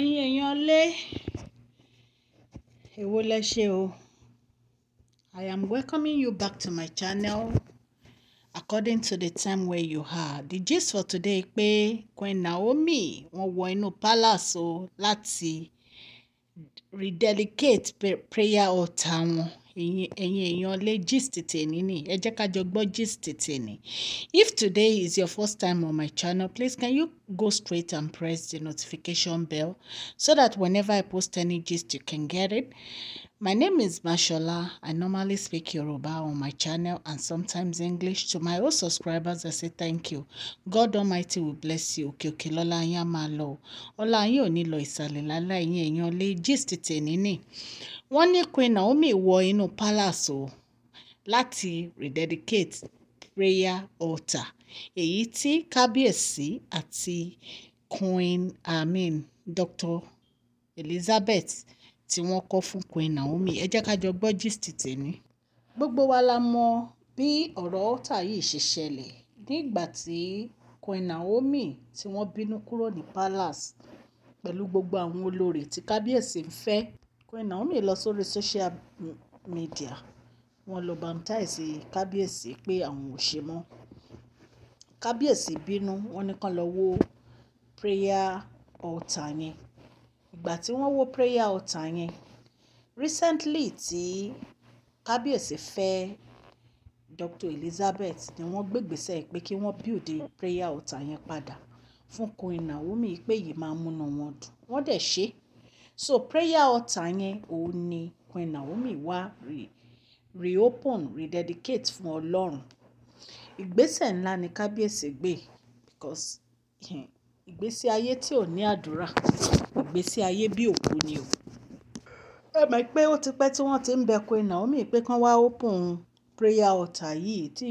Ẹ̀yin èèyàn lé, èwo lẹ ṣe o? I am welcoming you back to my channel according to the time where you are. The gist for today pé Queen Naomi wọ́n wọ inú palace o láti rededicate prayer altar wọn. ẹ̀yin èèyàn lè gist tèmi ni ẹ jẹ́ ká jọ gbọ́ gist tèmi. if today is your first time on my channel please can you go straight and press the notification bell so that whenever I post any gist you can get it. My name is Mashola. I normally speak Yoruba on my channel and sometimes English. To my old subscribers, I say thank you. God Almighty will bless you. Òkè òkè lọ́la yín á máa lọ. Ọlá yín ò ní lọ ìsàlẹ̀ lálẹ́ yín èèyàn lé gist tèmi ni. Wọ́n ní Queen Naomi wọ inú palace o láti rededicate prayer altar èyí tí kábíyèsí àti queen amin dr elizabeth tí wọ́n kọ́ fún queen naomi ẹ jẹ́ ká jọ gbọ́ gist tèmi. gbogbo wa la mọ bí ọ̀rọ̀ altar yìí ṣe ṣẹlẹ̀ nígbà tí queen naomi tí wọ́n bínú kúrò ní palace pẹ̀lú gbogbo àwọn olórí tí kábíyèsí ń fẹ́ queen naomi lọ sórí social media wọ́n lọ baptize kábíyèsí pé àwọn ò ṣe mọ́ kábíyèsí bínú wọ́n ní kán lọ wo prayer altar yẹn ìgbà tí wọ́n wo prayer altar yẹn recently tí kábíyèsí fẹ́ Dr. Elizabeth ni wọ́n gbégbèsè pé kí wọ́n build prayer altar yẹn padà fún Queen Naomi pé yìí máa múnú wọn dùn wọ́n dẹ̀ ṣe so prayer altar yẹn òun ni Queen Naomi wá re reopen rededicate fún Ọlọ́run ìgbésẹ̀ ńlá ni kábíyèsí gbé because eh, ìgbésí ayé tí ò ní àdúrà ìgbésí ayé bí òkú ni o ẹ mọ̀ pé ó ti pẹ́ tí wọ́n ti ń bẹ Queen Naomi pé kán wá open prayer altar yìí tí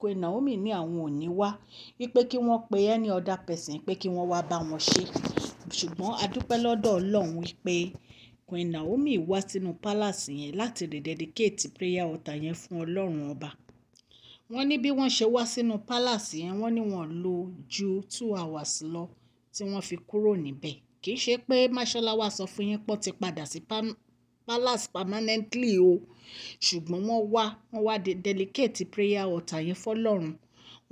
Queen Naomi ní àwọn ò ní wá wípé kí wọ́n pe any other person pé kí wọ́n wá bá wọn ṣe ṣùgbọ́n a dúpẹ́ lọ́dọ̀ Ọlọ́run wípé Queen Naomi wá sínú palace yẹn láti dedicate prayer altar yẹn fún Ọlọ́run ọba wọ́n ní bí wọ́n ṣe wá sínú palace yẹn wọ́n ní wọ́n lò ju two hours lọ tí wọ́n fi kúrò níbẹ̀ kì í ṣe pé Máṣọ́lá wá sọ fún yín pọ́n ti padà sí palace permanently o ṣùgbọ́n wọ́n wá wọ́n wá dedicate prayer altar yẹn fọ́lọ́run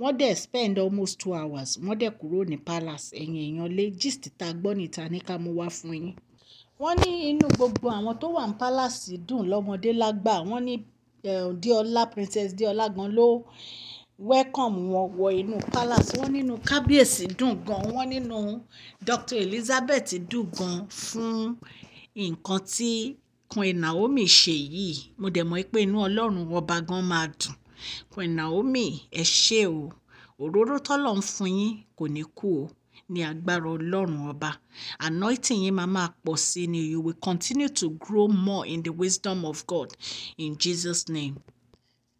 wọ́n dẹ̀ spend almost two hours wọ́n dẹ̀ kúrò ní palace ẹ̀yìn èèyàn lé gist tá a gbọ́ níta ní ká mú wá fún yín wọ́n ní inú gbogbo àwọn tó wà ní pálásì dùn lọ́mọdé lágbà wọ́n ní deola princess diola gan ló welcome wọn wọ inú palace wọ́n nínú kábíyèsí dùn gan wọ́n nínú Dr Elizabeth dùn gan fún nǹkan tí Queen Naomi ṣe yìí mo dẹ̀ mọ́ pé inú Ọlọ́run ọba gan máa dùn Queen Naomi ẹ ṣé o òróró tọ́lọ̀ ń fún yín kò ní kú o ní agbára Ọlọ́run ọba. Anointing yín máa máa pọ̀ sí ni you will continue to grow more in the wisdom of God in Jesus name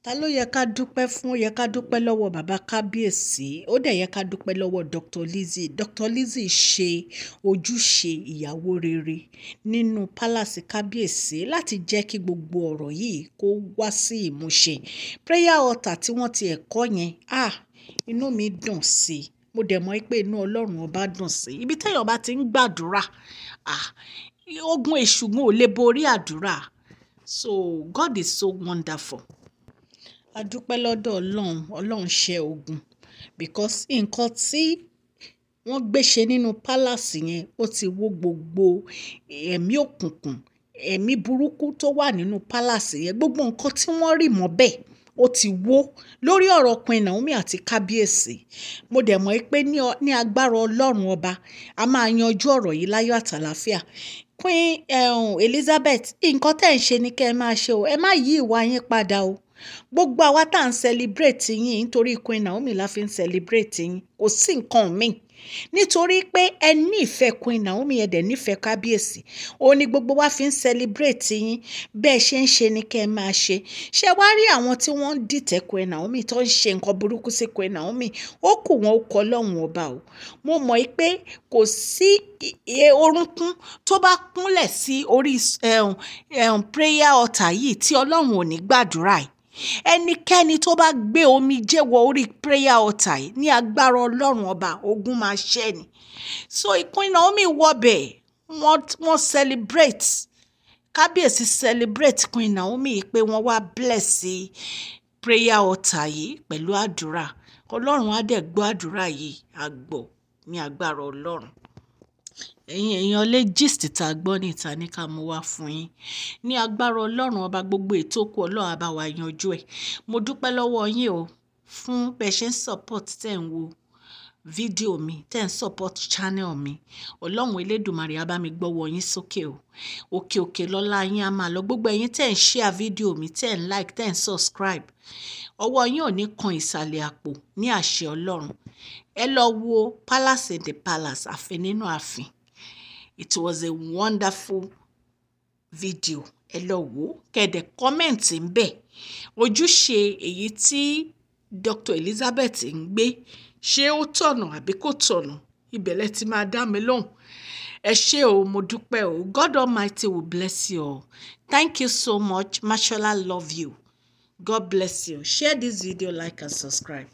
ta ló yẹ ká dúpẹ́ fún yẹ ká dúpẹ́ lọ́wọ́ bàbá kábíyèsí ó dẹ̀ yẹ ká dúpẹ́ lọ́wọ́ Dr. Lizzy Dr. Lizzy ṣe ojúṣe ìyàwó rere nínú pálàsì kábíyèsí láti jẹ́ kí gbogbo ọ̀rọ̀ yìí kó wá sí ìmúṣẹ prayer altar tí wọ́n ti ẹ̀kọ́ yẹn ah inú mi dùn sí i mo dẹ̀ mọ́ pé inú ọlọ́run ọba dùn sí ibi téèyàn bá ti ń gbàdúrà ogun èṣùgbọ́n ò lè borí àdúrà so God is so wonderful a dúpẹ́ lọ́dọ̀ ọlọ́run ọlọ́run ṣe ogun because nǹkan tí wọ́n gbéṣe nínú pálásì yẹn ó ti wó gbogbo ẹ̀mí òkùnkùn ẹ̀mí burúkú tó wà nínú pálásì yẹn gbogbo nǹkan tí wọ́n rì mọ́ bẹ́ẹ̀ ó ti wó lórí ọ̀rọ̀ Queen Naomi àti kábíyèsí mo dẹ̀ mọ̀ pé ní agbára ọlọ́run ọba a máa yanjú ọ̀rọ̀ yìí láyọ̀ àtàlàfíà Queen um, Elizabeth nǹkan tẹ́ ń ṣe ni kẹ́ ẹ máa ṣe o ẹ má yí ìwà yín padà o gbogbo àwa tá à ń celebrate yín nítorí Queen Naomi la fi ń celebrate yín kò sí nǹkan míì nítorí pé ẹ nífẹ̀ẹ́ Queen Naomi ẹ dẹ̀ kábíyèsí ó ní gbogbo wa fi ń celebrate yín bẹ́ẹ̀ ṣe ń ṣe ni kẹ́ ẹ máa ṣe ṣé wàá rí àwọn tí wọ́n ń dìtẹ̀ Queen Naomi tó ń ṣe nǹkan burúkú sí Queen Naomi ó kù wọn ó kọ lọ́hùn ọba o mo mọ̀ pé kò sí orúnkún tó bá kúnlẹ̀ sí orí prayer altar yìí tí ọlọ́run ò ní gbàdúrà yìí ẹnikẹ́ni tó bá gbé omi jẹ́wọ́ orí prayer altar yìí ní agbára ọlọ́run ọba ogun máa máa ṣẹ́ ni so Queen Naomi wọbẹ̀ wọ́n celebrate kábíyèsí celebrate Queen Naomi pé wọ́n wá bless prayer altar yìí pẹ̀lú àdúrà ọlọ́run á dẹ̀ gbọ́ àdúrà yìí á gbọ́ ní agbára ọlọ́run ẹ̀yin èèyàn lé gist tá a gbọ́ níta ní ká mú wá fún yín ní agbára ọlọ́run ọba gbogbo ètò kù ọlọ́run àbá wa yanjú ẹ̀ mo dúpẹ́ lọ́wọ́ yín o fún bẹ́ẹ̀ ṣe ń support tẹ̀ ń wo fídíò mi tẹ́ ń support channel mi ọlọ́run elédùnmarè á bá mi gbọ́wọ́ yín sókè o òkè òkè lọ́lá yín á máa lọ gbogbo ẹ̀yin tẹ́ ń share fídíò mi tẹ́ ń like tẹ́ ń subscribe ọwọ́ yín ò ní kan ìsàlẹ̀ àpò ní àṣẹ ọlọ́run ẹ lọ wo palace in the palace àfin nínú àfin it was a wonderful video ẹ lọ wò ó kẹ̀dẹ̀ kọ́mẹ̀ǹtì ń bẹ̀ ojúṣe èyí tí Dr Elizabeth ń gbé ṣé ó tọ̀nà àbí kò tọ̀nà ibẹ̀lẹ̀ ti máa dá mi lóhùn ẹ ṣé o mo dúpẹ́ o God Almighty will bless you all thank you so much Mashallah, love you God bless you share this video like and subscribe.